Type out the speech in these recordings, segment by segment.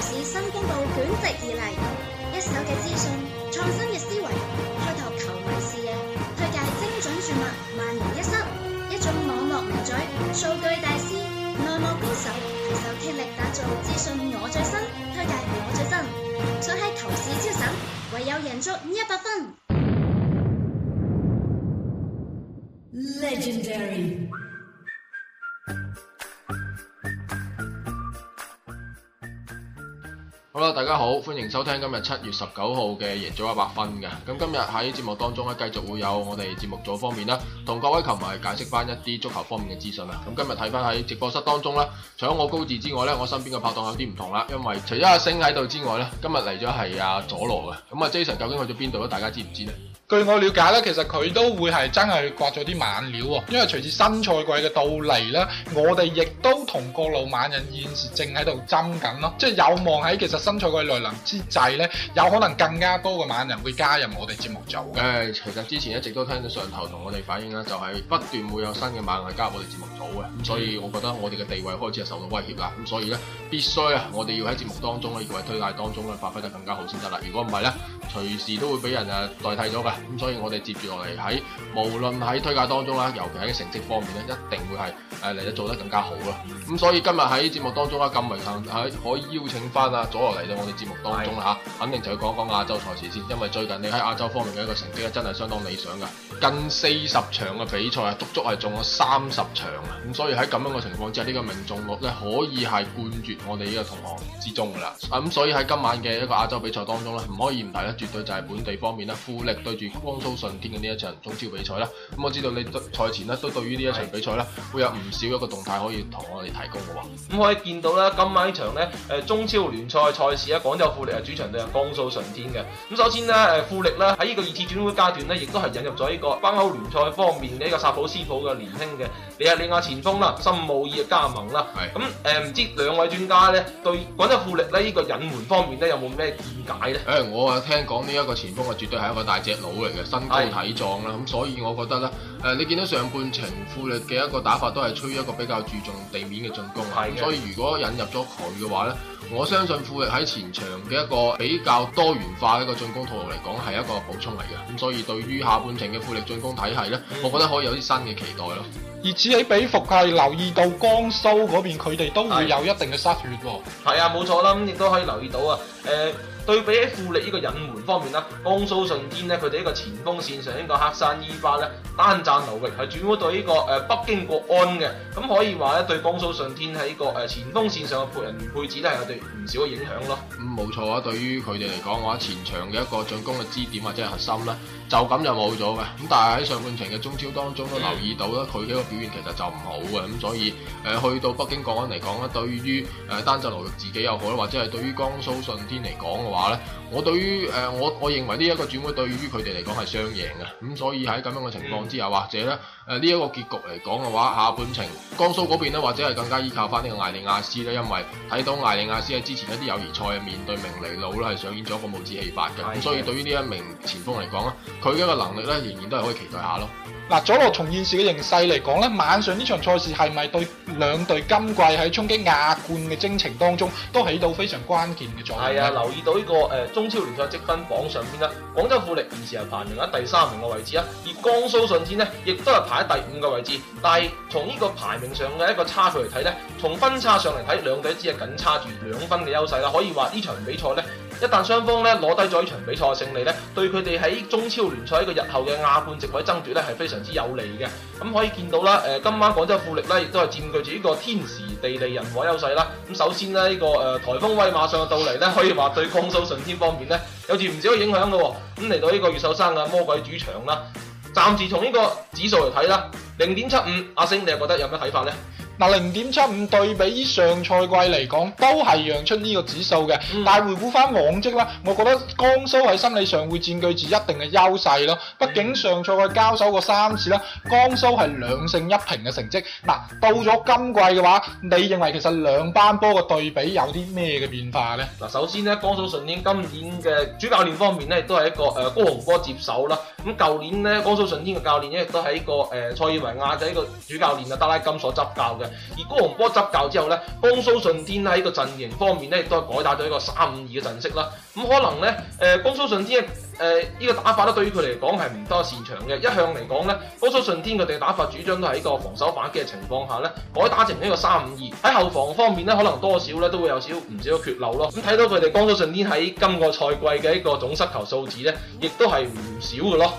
市新公佈捲席而嚟，一手嘅資訊，創新嘅思維，開拓球迷視野，推介精準注物，萬無一失。一眾網絡名嘴，數據大師，內幕高手，攜手傾力打造資訊我最新，推介我最新，想喺球市超神，唯有贏足一百分。Legendary。好啦，大家好，歡迎收聽今日七月十九號嘅贏足一百分嘅。咁今日喺節目當中咧，繼續會有我哋節目組方面啦，同各位球迷解釋翻一啲足球方面嘅資訊啊。咁今日睇翻喺直播室當中啦，除咗我高志之外咧，我身邊嘅拍檔有啲唔同啦。因為除咗阿星喺度之外咧，今日嚟咗，係阿佐羅嘅。咁阿 Jason 究竟去咗邊度？咧，大家知唔知咧？據我了解咧，其實佢都會係真係刮咗啲猛料喎，因為隨住新賽季嘅到嚟咧，我哋亦都同各路猛人現時正喺度爭緊咯，即係有望喺其實新賽季來臨之際咧，有可能更加多嘅猛人會加入我哋節目組嘅。其實之前一直都聽到上頭同我哋反映啦，就係、是、不斷會有新嘅猛人加入我哋節目組嘅，咁、嗯、所以我覺得我哋嘅地位開始係受到威脅啦。咁所以咧，必須啊，我哋要喺節目當中咧，呢位推介當中咧，發揮得更加好先得啦。如果唔係咧，隨時都會俾人啊代替咗㗎。咁、嗯、所以我們，我哋接住落嚟喺無論喺推介當中啦，尤其喺成績方面咧，一定會係誒嚟得做得更加好啦。咁、嗯、所以今日喺節目當中啦，咁榮幸喺可以邀請翻阿佐羅嚟到我哋節目當中啦的肯定就要講講亞洲賽事先，因為最近你喺亞洲方面嘅一個成績咧，真係相當理想噶近四十場嘅比賽啊，足足係中咗三十場啊，咁、嗯、所以喺咁樣嘅情況之下，這個、呢個命中率咧可以係冠絕我哋呢個同行之中噶啦。咁、嗯、所以喺今晚嘅一個亞洲比賽當中咧，唔可以唔提咧，絕對就係本地方面咧，富力對住。江蘇舜天嘅呢一場中超比賽啦，咁我知道你賽前呢都對於呢一場比賽咧的會有唔少一個動態可以同我哋提供嘅喎。咁可以見到咧今晚場呢場咧，誒中超聯賽賽事咧，廣州富力係主場對啊江蘇舜天嘅。咁首先咧，誒富力咧喺呢個二次轉會階段咧，亦都係引入咗呢個班歐聯賽方面嘅呢個薩普斯普嘅年輕嘅利雅利亞前鋒啦，森姆爾嘅加盟啦。係咁的，誒唔知兩位專家咧對廣州富力咧呢個隱瞞方面咧有冇咩見解咧？誒、欸，我啊聽講呢一個前鋒啊，絕對係一個大隻佬。嚟嘅身高體壯啦，咁的所以我覺得咧，誒，你見到上半程富力嘅一個打法都係吹一個比較注重地面嘅進攻啊，咁的所以如果引入咗佢嘅話咧，我相信富力喺前場嘅一個比較多元化嘅一個進攻套路嚟講係一個補充嚟嘅，咁所以對於下半程嘅富力進攻體系咧，嗯、我覺得可以有啲新嘅期待咯。而此起彼伏係留意到江蘇嗰邊佢哋都會有一定嘅失血喎。係啊，冇錯啦，咁亦都可以留意到啊，誒、呃。對比喺富力呢個引援方面啦，江蘇舜天咧，佢哋呢一個前鋒線上呢個黑山伊巴咧單賺流域係轉會到呢個誒北京國安嘅，咁可以話咧，對江蘇舜天喺個誒前鋒線上嘅配人配置都係有對唔少嘅影響咯。咁冇、嗯、錯啊，對於佢哋嚟講嘅話，前場嘅一個進攻嘅支點或者係核心啦，就咁就冇咗嘅。咁但係喺上半程嘅中超當中都留意到啦，佢嘅一個表現其實就唔好嘅，咁所以誒、呃、去到北京國安嚟講咧，對於誒單賺流域自己又好或者係對於江蘇舜天嚟講嘅話。我對於誒、呃、我我認為呢一個轉會對於佢哋嚟講係雙贏嘅，咁所以喺咁樣嘅情況之下，或者咧誒呢一、呃這個結局嚟講嘅話，下半程江蘇嗰邊咧，或者係更加依靠翻呢個艾利亞斯咧，因為睇到艾利亞斯喺之前一啲友誼賽面對明尼路咧係上演咗一個帽子戲法嘅，咁所以對於呢一名前鋒嚟講咧，佢嘅一個能力咧仍然都係可以期待下咯。嗱，佐羅從現時嘅形勢嚟講咧，晚上呢場賽事係咪對兩隊今季喺衝擊亞冠嘅征程當中都起到非常關鍵嘅作用？係啊，留意到呢個、呃、中超聯賽積分榜上邊啦，廣州富力現時係排名喺第三名嘅位置啊，而江蘇舜天呢亦都係排喺第五個位置。但係從呢個排名上嘅一個差距嚟睇咧，從分差上嚟睇，兩隊只係僅差住兩分嘅優勢啦，可以話呢場比賽咧。一旦雙方咧攞低咗呢一場比賽勝利咧，對佢哋喺中超聯賽一個日後嘅亞冠席位爭奪咧係非常之有利嘅。咁可以見到啦、呃，今晚廣州富力咧亦都係佔據住呢個天時地利人和優勢啦。咁首先咧呢、呢個誒、呃、颱風威馬上嘅到嚟咧，可以話對江蘇順天方面咧有住唔少嘅影響嘅。咁嚟到呢個越秀山嘅魔鬼主場啦，暫時從呢個指數嚟睇啦，零點七五，阿星你又覺得有咩睇法咧？嗱，零點七五對比上賽季嚟講，都係讓出呢個指數嘅。嗯、但係回顧翻往績啦，我覺得江蘇喺心理上會佔據住一定嘅優勢咯。畢竟上賽季交手過三次啦，江蘇係兩勝一平嘅成績。嗱、啊，到咗今季嘅話，你認為其實兩班波嘅對比有啲咩嘅變化呢？嗱，首先呢，江蘇舜天今年嘅主教練方面呢，都係一個誒、呃、高洪波接手啦。咁舊年呢，江蘇舜天嘅教練呢，亦都係一個誒、呃、塞爾維亞嘅一個主教練啊，德拉金所執教嘅。而高洪波執教之後咧，江蘇舜天喺個陣營方面咧，亦都改打咗一個三五二嘅陣式啦。咁、嗯、可能咧，誒、呃、江蘇舜天誒呢、呃，這個打法咧，對於佢嚟講係唔多擅長嘅。一向嚟講咧，江蘇舜天佢哋嘅打法主張都喺一個防守反擊嘅情況下咧，改打成呢個三五二，喺後防方面咧，可能多少咧都會有少唔少嘅缺漏咯。咁、嗯、睇到佢哋江蘇舜天喺今個賽季嘅一個總失球數字咧，亦都係唔少嘅咯。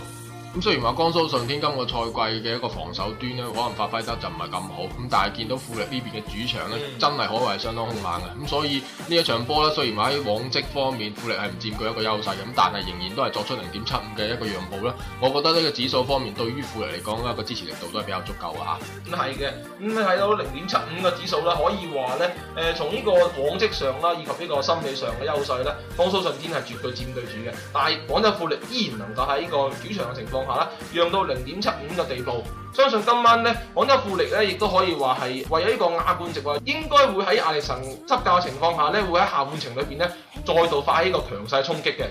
咁雖然話江蘇舜天今個賽季嘅一個防守端咧，可能發揮得就唔係咁好，咁但係見到富力呢邊嘅主場咧，嗯、真係可謂係相當兇猛嘅，咁所以呢一場波咧，雖然話喺往績方面富力係唔佔據一個優勢，咁但係仍然都係作出零點七五嘅一個讓步啦。我覺得呢個指數方面對於富力嚟講咧，一個支持力度都係比較足夠啊，咁係嘅，咁你睇到零點七五嘅指數咧，可以話咧，誒從呢個往績上啦，以及呢個心理上嘅優勢咧，江蘇舜天係絕對佔據住嘅，但係廣州富力依然能夠喺呢個主場嘅情況下啦，讓到零點七五嘅地步，相信今晚咧，廣州富力咧亦都可以話係為咗呢個亞冠席位，應該會喺亞歷臣執教嘅情況下咧，會喺下半程裏邊咧再度發起一個強勢衝擊嘅。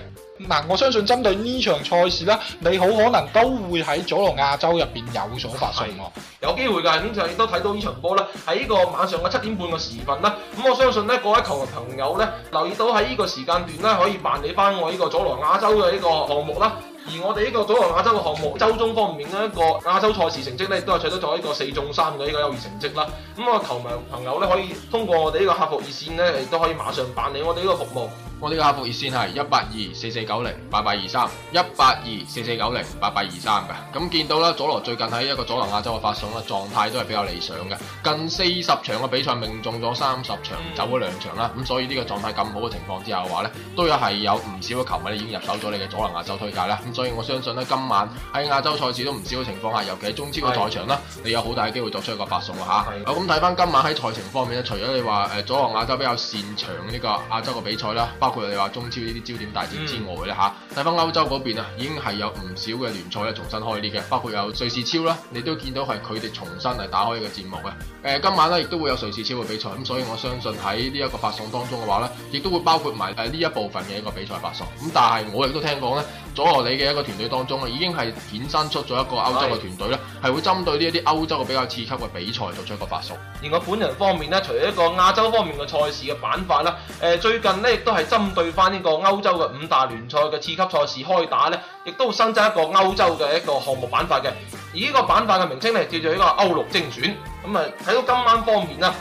嗱，我相信針對場賽呢場賽事咧，你好可能都會喺佐羅亞洲入邊有所發送、啊，有機會㗎。咁就亦都睇到場呢場波啦。喺呢個晚上嘅七點半嘅時分啦。咁、嗯、我相信咧，各位球迷朋友咧，留意到喺呢個時間段咧，可以辦理翻我這個羅亞這個呢個佐羅亞洲嘅呢個項目啦。而我哋呢個組合亞洲嘅項目，周中方面嘅一個亞洲賽事成績呢，亦都係取得咗一個四中三嘅一個優異成績啦。咁啊，球迷朋友呢，可以通過我哋呢個客服熱線呢，亦都可以馬上辦理我哋呢個服務。我呢個客服熱線係一八二四四九零八八二三一八二四四九零八八二三噶咁見到啦，佐羅最近喺一個佐羅亞洲嘅發送啦，狀態都係比較理想嘅，近四十場嘅比賽命中咗三十場，嗯、走咗兩場啦，咁所以呢個狀態咁好嘅情況之下嘅話咧，都有係有唔少嘅球迷已經入手咗你嘅佐羅亞洲推介啦，咁所以我相信呢，今晚喺亞洲賽事都唔少嘅情況下，尤其係中超嘅賽場啦，嗯、你有好大嘅機會作出一個發送啊吓！好，咁睇翻今晚喺賽程方面咧，除咗你話誒佐羅亞洲比較擅長呢個亞洲嘅比賽啦。包括你話中超呢啲焦點大戰之外咧吓，睇翻歐洲嗰邊啊，已經係有唔少嘅聯賽咧重新開啲嘅，包括有瑞士超啦，你都見到係佢哋重新嚟打開呢個節目嘅。誒、呃，今晚咧亦都會有瑞士超嘅比賽，咁所以我相信喺呢一個發送當中嘅話咧，亦都會包括埋誒呢一部分嘅一個比賽發送。咁但係我亦都聽講咧。佐羅你嘅一個團隊當中啦，已經係衍生出咗一個歐洲嘅團隊咧，係會針對呢一啲歐洲嘅比較次級嘅比賽做出一個法術。而我本人方面咧，除咗一個亞洲方面嘅賽事嘅板塊啦，誒、呃、最近咧亦都係針對翻呢個歐洲嘅五大聯賽嘅次級賽事開打咧，亦都新增一個歐洲嘅一個項目板塊嘅，而這個法的呢個板塊嘅名稱咧叫做呢個歐陸精選。咁啊，睇到今晚方面啦，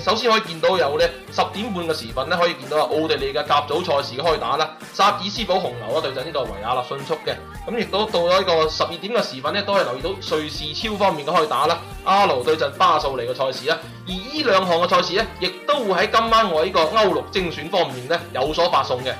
誒，首先可以見到有咧十點半嘅時分咧，可以見到啊，奧地利嘅甲組賽事嘅開打啦，薩爾斯堡紅牛啊對陣呢個維也納迅速嘅。咁亦都到咗呢個十二點嘅時分咧，都係留意到瑞士超方面嘅開打啦，阿勞對陣巴素利嘅賽事啦。而呢兩項嘅賽事咧，亦都會喺今晚我呢個歐陸精選方面咧有所發送嘅。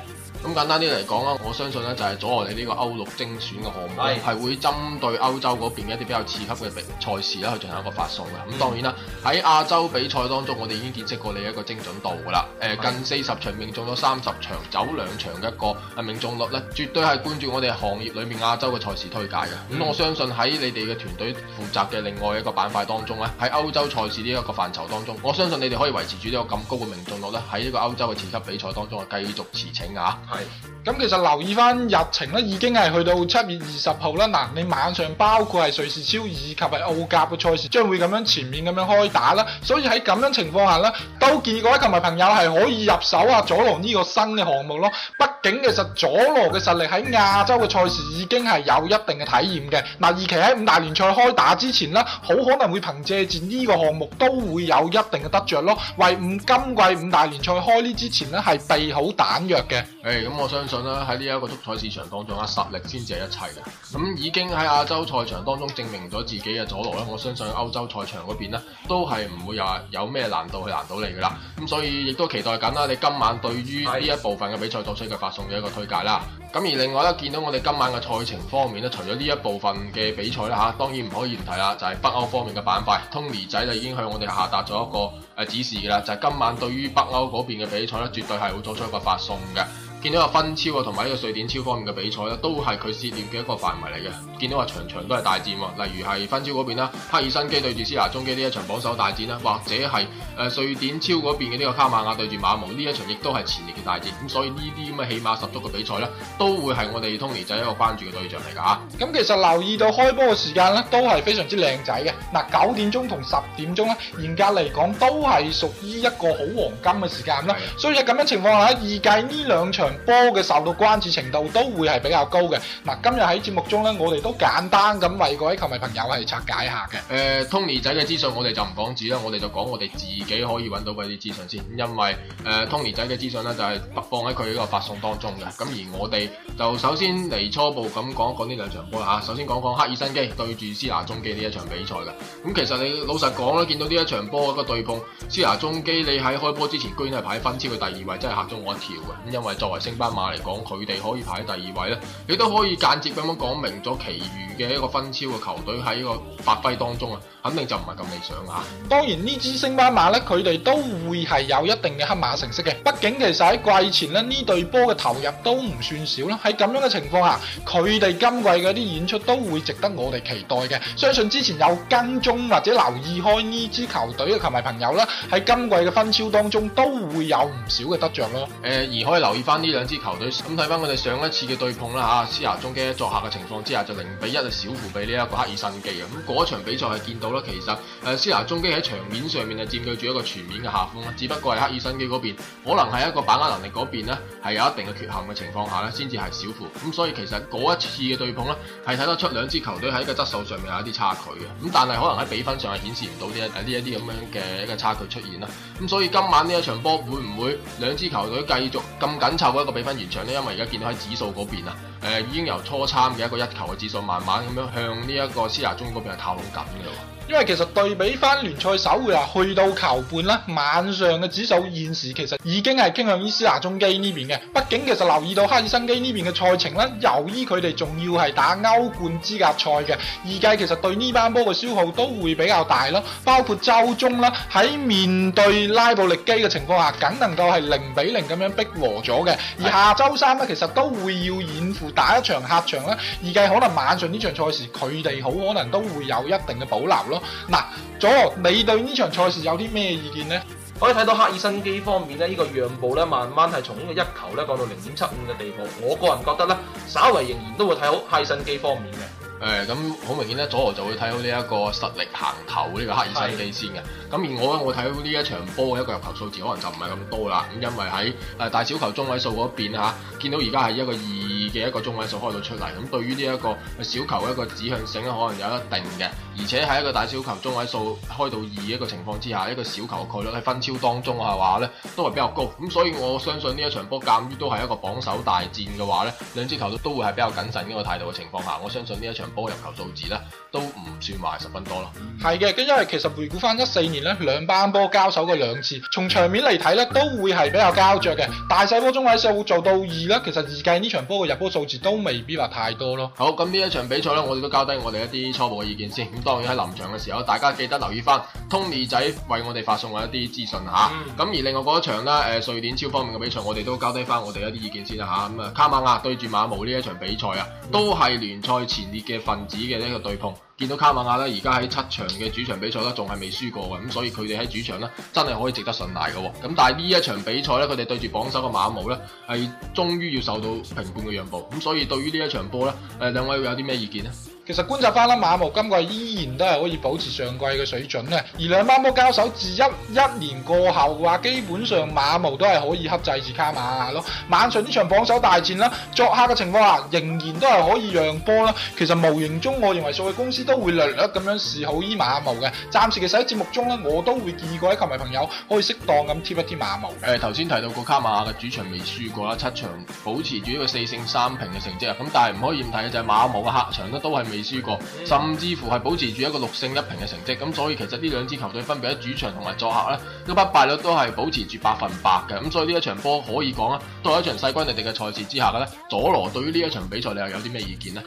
咁簡單啲嚟講啦，我相信咧就係阻礙你呢個歐陸精選嘅項目，係會針對歐洲嗰邊一啲比較次級嘅比賽事啦去進行一個發送嘅。咁、mm hmm. 當然啦，喺亞洲比賽當中，我哋已經見識過你一個精準度噶啦。誒，近四十場命中咗三十場，走兩場嘅一個命中率啦，絕對係關注我哋行業裏面亞洲嘅賽事推介嘅。咁、mm hmm. 我相信喺你哋嘅團隊負責嘅另外一個板塊當中咧，喺歐洲賽事呢一個範疇當中，我相信你哋可以維持住呢個咁高嘅命中率啦，喺呢個歐洲嘅次級比賽當中啊繼續馳騁啊～咁其實留意翻日程咧，已經係去到七月二十號啦。嗱，你晚上包括係瑞士超以及係澳甲嘅賽事，將會咁樣全面咁樣開打啦。所以喺咁樣情況下咧，都建議各位球迷朋友係可以入手啊佐羅呢個新嘅項目咯。畢竟其實佐羅嘅實力喺亞洲嘅賽事已經係有一定嘅體驗嘅。嗱，二期喺五大聯賽開打之前咧，好可能會憑借住呢個項目都會有一定嘅得着咯，為今季五大聯賽開呢之前咧係備好彈藥嘅。誒咁，hey，我相信啦，喺呢一個足彩市場當中啊，實力先至係一切嘅。咁已經喺亞洲賽場當中證明咗自己嘅佐羅啦，我相信歐洲賽場嗰邊都係唔會話有咩難度去難到你噶啦。咁所以亦都期待緊啦，你今晚對於呢一部分嘅比賽作出一個發送嘅一個推介啦。咁 Yes. 而另外咧，見到我哋今晚嘅賽程方面咧，除咗呢一部分嘅比賽咧嚇，當然唔可以唔提啦，就係北歐方面嘅板塊，Tony 仔就已經向我哋下達咗一個誒指示噶啦，就係今晚對於北歐嗰邊嘅比賽咧，絕對係會作出一個發送嘅。見到話芬超啊，同埋呢個瑞典超方面嘅比賽咧，都係佢涉獵嘅一個範圍嚟嘅。見到話場場都係大戰，例如係芬超嗰邊啦，帕爾申基對住斯拿中基呢一場榜首大戰啦，或者係誒瑞典超嗰邊嘅呢個卡馬亞對住馬蒙呢一場，亦都係前列嘅大戰。咁所以呢啲咁嘅起碼十足嘅比賽咧，都會係我哋 Tony 仔一個關注嘅對象嚟噶吓。咁其實留意到開波嘅時間咧，都係非常之靚仔嘅。嗱，九點鐘同十點鐘咧，嚴格嚟講都係屬於一個好黃金嘅時間啦。的所以就咁樣的情況下咧，預計呢兩場波嘅受到關注程度都會係比較高嘅。嗱，今日喺節目中咧，我哋都簡單咁為各位球迷朋友係拆解下嘅。誒、呃、Tony 仔嘅資訊我哋就唔講住啦，我哋就講我哋自己可以揾到嘅啲資訊先，因為誒、呃、Tony 仔嘅資訊咧就係、是、放喺佢呢個發送當中嘅。咁而我哋就首先嚟初步咁講一講呢兩場波啦嚇。首先講講黑爾辛基對住施牙中基呢一場比賽嘅。咁、啊、其實你老實講啦，見到呢一場波一個對碰，施牙中基你喺開波之前居然係排喺芬超嘅第二位，真係嚇咗我一跳嘅。因為作為正班馬嚟講，佢哋可以排第二位咧。你都可以間接咁樣講明咗，其餘嘅一個分超嘅球隊喺個發揮當中，肯定就唔係咁理想啦、啊。當然呢支星巴馬咧，佢哋都會係有一定嘅黑馬成色嘅。畢竟其實喺季前咧，呢隊波嘅投入都唔算少啦。喺咁樣嘅情況下，佢哋今季嘅啲演出都會值得我哋期待嘅。相信之前有跟蹤或者留意開呢支球隊嘅球迷朋友啦，喺今季嘅分超當中都會有唔少嘅得著啦。誒、呃，而可以留意翻呢兩支球隊，咁睇翻我哋上一次嘅對碰啦嚇，施、啊、拿中嘅作客嘅情況之下就零比一就小負俾呢一個黑爾辛基嘅。咁嗰場比賽係見到。其實誒、啊，斯拿中基喺場面上面係，佔據住一個全面嘅下風啦。只不過係克爾辛基嗰邊，可能係一個把握能力嗰邊咧，係有一定嘅缺陷嘅情況下咧，先至係小負。咁所以其實嗰一次嘅對碰咧，係睇得出兩支球隊喺個質素上面有一啲差距嘅。咁但係可能喺比分上係顯示唔到一呢一啲咁樣嘅一個差距出現啦。咁所以今晚呢一場波會唔會兩支球隊繼續咁緊湊一個比分完場咧？因為而家見到喺指數嗰邊啦。誒已經由初參嘅一個一球嘅指數，慢慢咁樣向呢一個施拿中嗰邊靠攏緊嘅喎。因為其實對比翻聯賽首回合去到球半啦，晚上嘅指數現時其實已經係傾向於施拿中基呢邊嘅。畢竟其實留意到哈爾辛基呢邊嘅賽程啦，由於佢哋仲要係打歐冠資格賽嘅二季，計其實對呢班波嘅消耗都會比較大咯。包括周中啦，喺面對拉布力基嘅情況下，僅能夠係零比零咁樣逼和咗嘅。而下周三咧，其實都會要遠赴。打一場客場咧，預計可能晚上呢場賽事佢哋好可能都會有一定嘅保留咯。嗱，佐羅，你對呢場賽事有啲咩意見呢？可以睇到赫爾辛基方面咧，呢個讓步咧，慢慢係從呢個一球咧，降到零點七五嘅地步。我個人覺得咧，稍為仍然都會睇好赫爾辛基方面嘅。誒、欸，咁好明顯咧，佐羅就會睇好呢一個實力行頭呢個赫爾辛基先嘅。咁而的我咧，我睇到呢一場波嘅一個入球數字可能就唔係咁多啦。咁因為喺誒大小球中位數嗰邊啊，見到而家係一個二。嘅一個中位數開到出嚟，咁對於呢一個小球一個指向性咧，可能有一定嘅。而且喺一個大小球中位數開到二一個情況之下，一個小球嘅概率喺分超當中嘅話咧都係比較高，咁所以我相信呢一場波鑒於都係一個榜首大戰嘅話咧，兩支球隊都會係比較謹慎呢個態度嘅情況下，我相信呢一場波入球數字咧都唔算話十分多咯。係嘅，咁因為其實回顧翻一四年咧，兩班波交手嘅兩次，從場面嚟睇咧都會係比較膠着嘅，大細波中位數會做到二啦，其實預計呢場波嘅入波數字都未必話太多咯。好，咁呢一場比賽咧，我哋都交低我哋一啲初步嘅意見先。當然喺臨場嘅時候，大家記得留意翻 Tony 仔為我哋發送嘅一啲資訊嚇。咁、嗯、而另外嗰一場咧，誒瑞典超方面嘅比賽，我哋都交低翻我哋一啲意見先啦嚇。咁啊，卡馬亞對住馬毛呢一場比賽啊，都係聯賽前列嘅分子嘅一個對碰。見到卡馬亞咧，而家喺七場嘅主場比賽咧，仲係未輸過嘅，咁、啊、所以佢哋喺主場咧真係可以值得信賴嘅。咁、啊、但係呢一場比賽咧，佢哋對住榜首嘅馬毛咧，係終於要受到平半嘅讓步。咁、啊、所以對於呢一場波咧，誒、啊、兩位會有啲咩意見呢？其實觀察翻啦，馬毛今季依然都係可以保持上季嘅水準咧。而兩馬毛交手至一一年過後嘅話，基本上馬毛都係可以克制住卡馬咯。晚上呢場榜首大戰啦，作客嘅情況下仍然都係可以讓波啦。其實無形中我認為數據公司都會略略咁樣示好呢馬毛嘅。暫時其實喺節目中咧，我都會建議各位球迷朋友可以適當咁貼一貼馬毛。誒、欸，頭先提到過卡馬嘅主場未輸過啦，七場保持住呢個四勝三平嘅成績啊。咁但係唔可以唔提嘅就係、是、馬毛嘅客場都係未輸過，甚至乎係保持住一個六勝一平嘅成績，咁所以其實呢兩支球隊分別喺主場同埋作客咧，個不敗率都係保持住百分百嘅，咁所以呢一場波可以講啦，都係一場勢均力敵嘅賽事之下嘅咧。佐羅對於呢一場比賽你又有啲咩意見呢？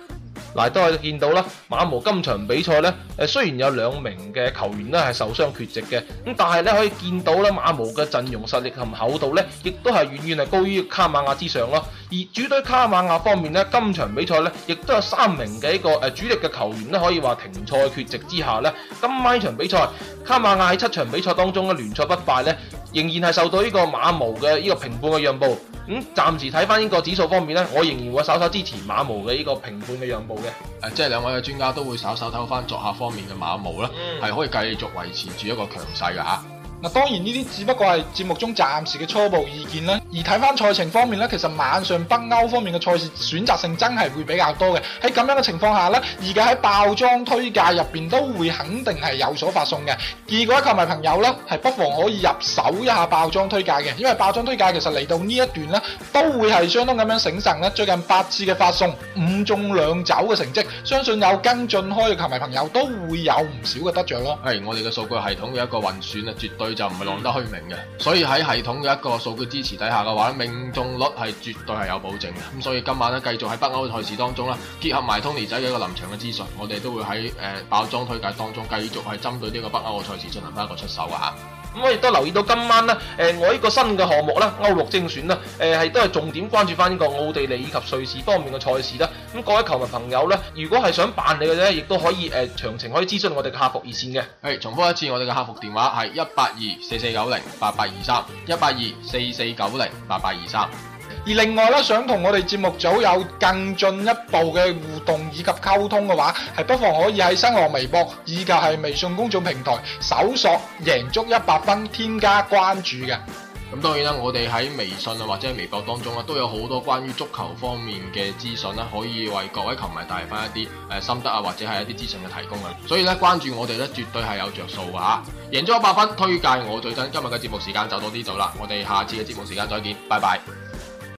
嗱，都係見到啦，馬毛今場比賽咧，誒雖然有兩名嘅球員咧係受傷缺席嘅，咁但係咧可以見到咧，馬毛嘅陣容實力同厚度咧，亦都係遠遠係高於卡馬亞之上咯。而主隊卡馬亞方面咧，今場比賽咧，亦都有三名嘅一個誒主力嘅球員咧，可以話停賽缺席之下咧，今晚一場比賽，卡馬亞喺七場比賽當中嘅聯賽不敗咧，仍然係受到呢個馬毛嘅呢個評判嘅讓步。咁、嗯、暫時睇翻呢個指數方面咧，我仍然會稍稍支持馬毛嘅呢個平半嘅讓步嘅。誒，即係兩位嘅專家都會稍稍睇翻作客方面嘅馬毛啦，係可以繼續維持住一個強勢嘅嚇。當然呢啲只不過係節目中暫時嘅初步意見啦。而睇翻賽程方面呢，其實晚上北歐方面嘅賽事選擇性真係會比較多嘅。喺咁樣嘅情況下呢，而家喺爆莊推介入邊都會肯定係有所發送嘅。而各位球迷朋友呢，係不妨可以入手一下爆莊推介嘅，因為爆莊推介其實嚟到呢一段呢，都會係相當咁樣醒神呢。最近八次嘅發送，五中兩走嘅成績，相信有跟進開嘅球迷朋友都會有唔少嘅得着咯。係、hey, 我哋嘅數據系統嘅一個運算啊，絕對。佢、嗯、就唔係浪得虛名嘅，所以喺系統嘅一個數據支持底下嘅話，命中率係絕對係有保證嘅。咁所以今晚咧，繼續喺北歐嘅賽事當中啦，結合埋 Tony 仔嘅一個臨場嘅資訊，我哋都會喺誒爆裝推介當中繼續係針對呢個北歐嘅賽事進行翻一個出手啊！咁、嗯、我亦都留意到今晚咧，誒、呃、我呢個新嘅項目啦，歐六精選咧，誒、呃、係都係重點關注翻呢個奧地利以及瑞士方面嘅賽事啦。咁各位球迷朋友咧，如果係想辦理嘅咧，亦都可以誒，詳情可以諮詢我哋嘅客服熱線嘅。係、哎，重複一次，我哋嘅客服電話係一八二四四九零八八二三，一八二四四九零八八二三。而另外咧，想同我哋節目組有更進一步嘅互動以及溝通嘅話，係不妨可以喺新浪微博以及係微信公眾平台搜索贏足一百分，添加關注嘅。咁當然啦，我哋喺微信啊，或者係微博當中咧，都有好多關於足球方面嘅資訊咧，可以為各位球迷帶翻一啲、呃、心得啊，或者係一啲資訊嘅提供啊。所以咧，關注我哋咧，絕對係有着數嘅嚇。贏足 100FUN，推介我最真。今日嘅節目時間就到呢度啦，我哋下次嘅節目時間再見，拜拜。